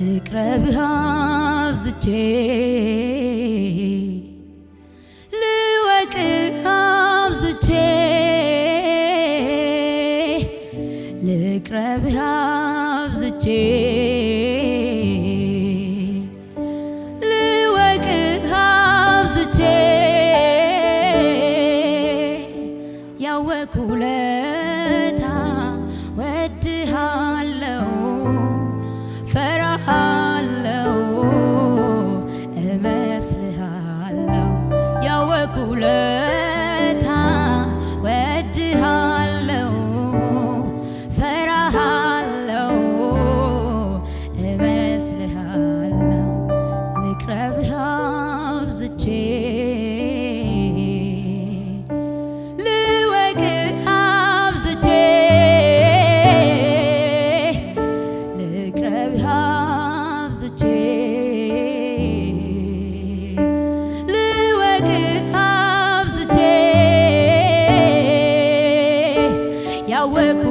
ትቅረብህ አብዝቼ ልወቅህ couleur. work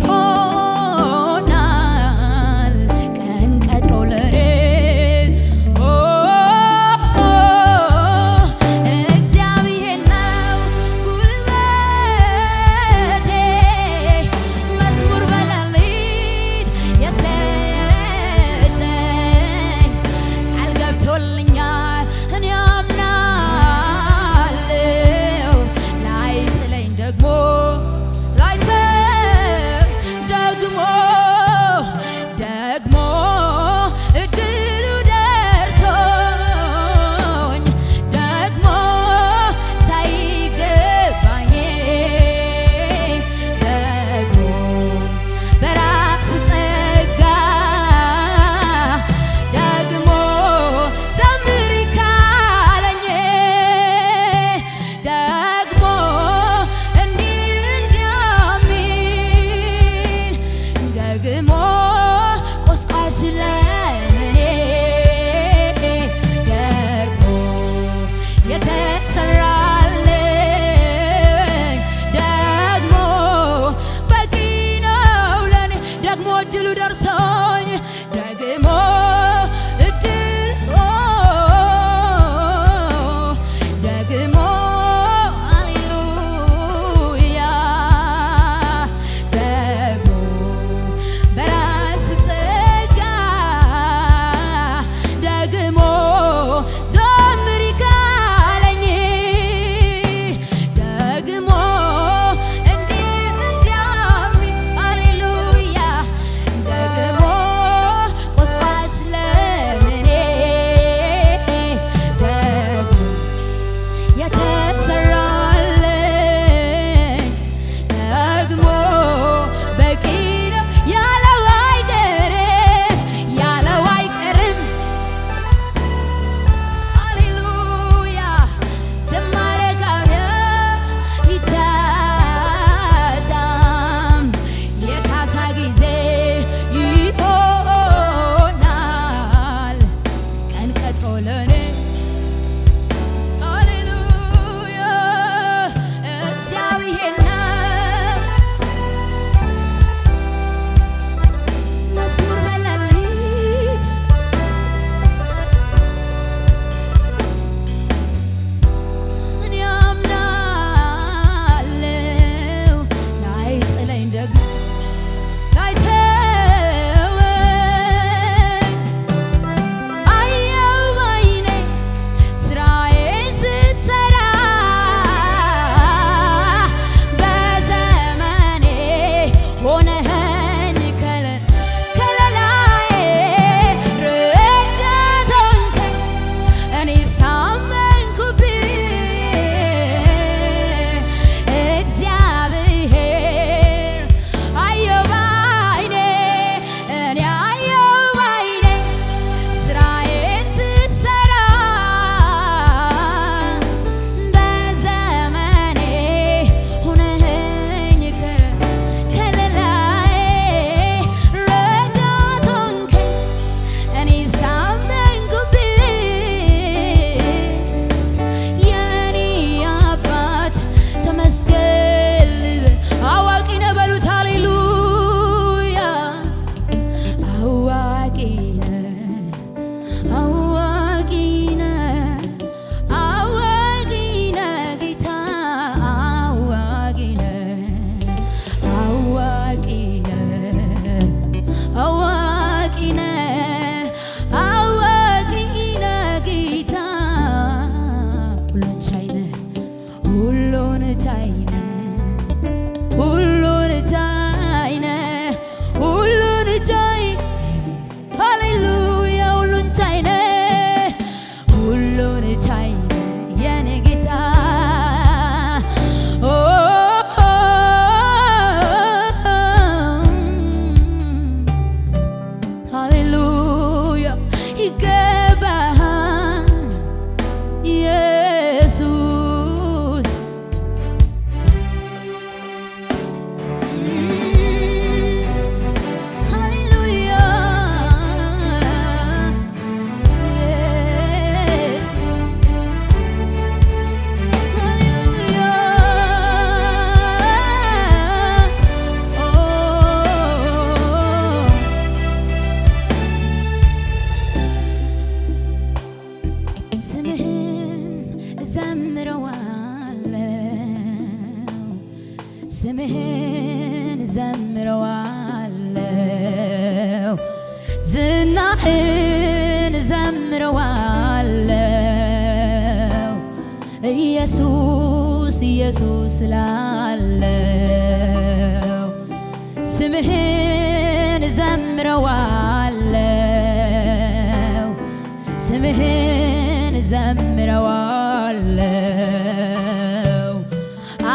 Hold. سمهن زمر وعلو زناحن زمر وعلو يسوس يسوس لعلو سمهن زمر وعلو سمهن እዘምረዋለሁ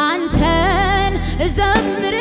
አንተን እዘምረ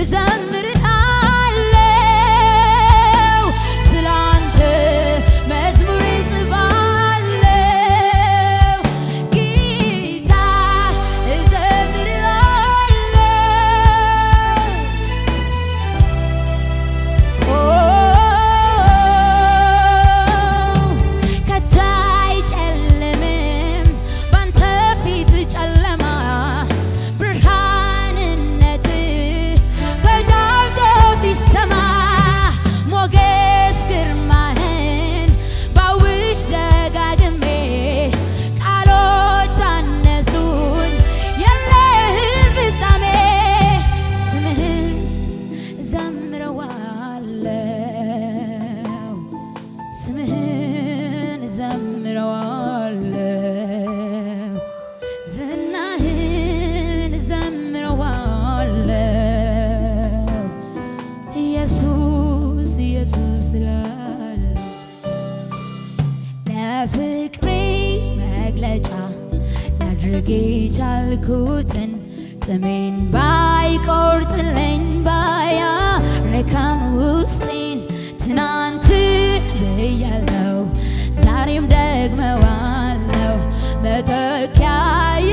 Özendir መግለጫ ላድርግ የቻልኩትን ጥሜን ባይቆርጥልኝ ባያረካም ውስጤን ትናንት ብያለው ዛሬም ደግመዋለው መተኪያዬ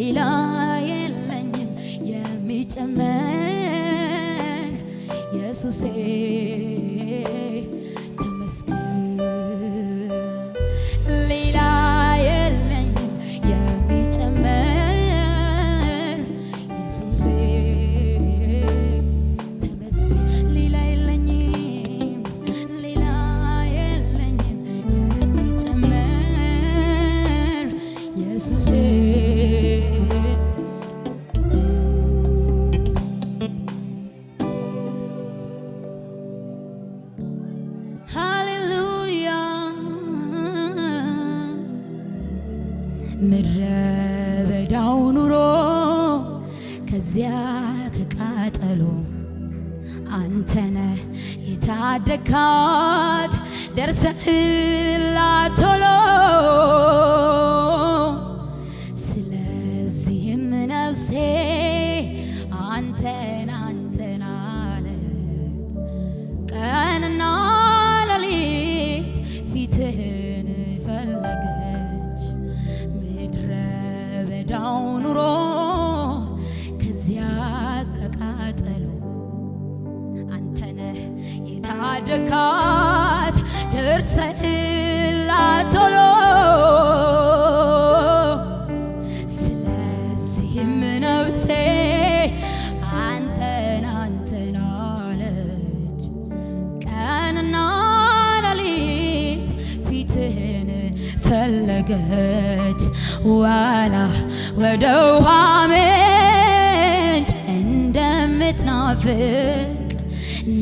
ሌላ የለኝም የሚጨመር ኢየሱሴ ቀንና ለሌት ፊትህን ፈለገች ምድረ በዳው ኑሮ ከዚያ ከቃጠሎ አንተነህ የታደካት ደርሰህላት ፈለገች ዋላ ወደ ውሃ ምንጭ እንደምትናፍቅ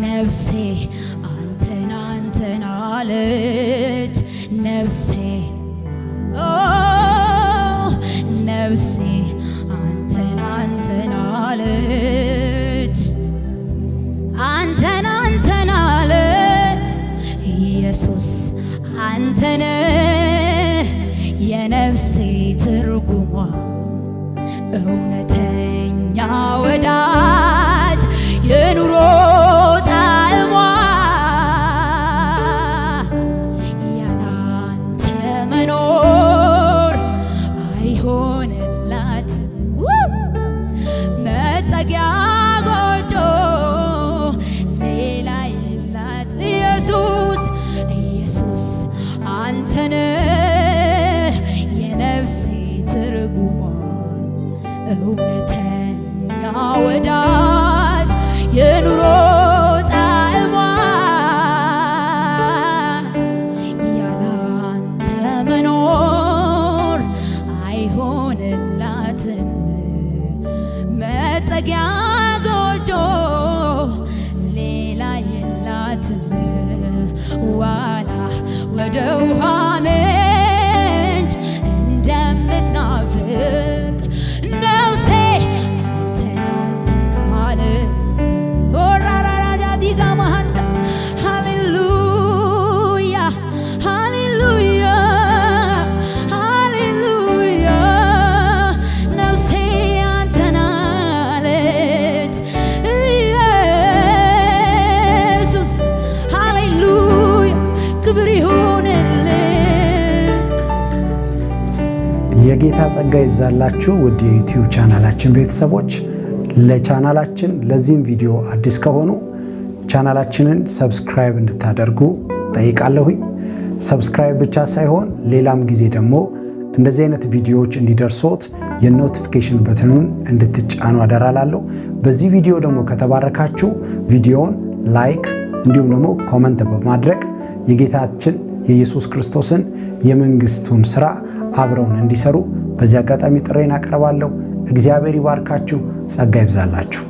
ነፍሴ አንተን አንተን አለች ነፍሴ ነፍሴ አንተን አንተን አለች አንተን አንተን አለች ኢየሱስ አንተን የነፍሴ ትርጉሟ እውነተኛ ወዳጅ የኑሮ ወደ ውሃ የጌታ ጸጋ ይብዛላችሁ ውድ የዩቲዩብ ቻናላችን ቤተሰቦች። ለቻናላችን ለዚህም ቪዲዮ አዲስ ከሆኑ ቻናላችንን ሰብስክራይብ እንድታደርጉ ጠይቃለሁኝ። ሰብስክራይብ ብቻ ሳይሆን ሌላም ጊዜ ደግሞ እንደዚህ አይነት ቪዲዮዎች እንዲደርሶት የኖቲፊኬሽን በትኑን እንድትጫኑ አደራላለሁ። በዚህ ቪዲዮ ደግሞ ከተባረካችሁ ቪዲዮውን ላይክ እንዲሁም ደግሞ ኮመንት በማድረግ የጌታችን የኢየሱስ ክርስቶስን የመንግስቱን ስራ አብረውን እንዲሰሩ በዚህ አጋጣሚ ጥሬን አቀርባለሁ። እግዚአብሔር ይባርካችሁ፣ ጸጋ ይብዛላችሁ።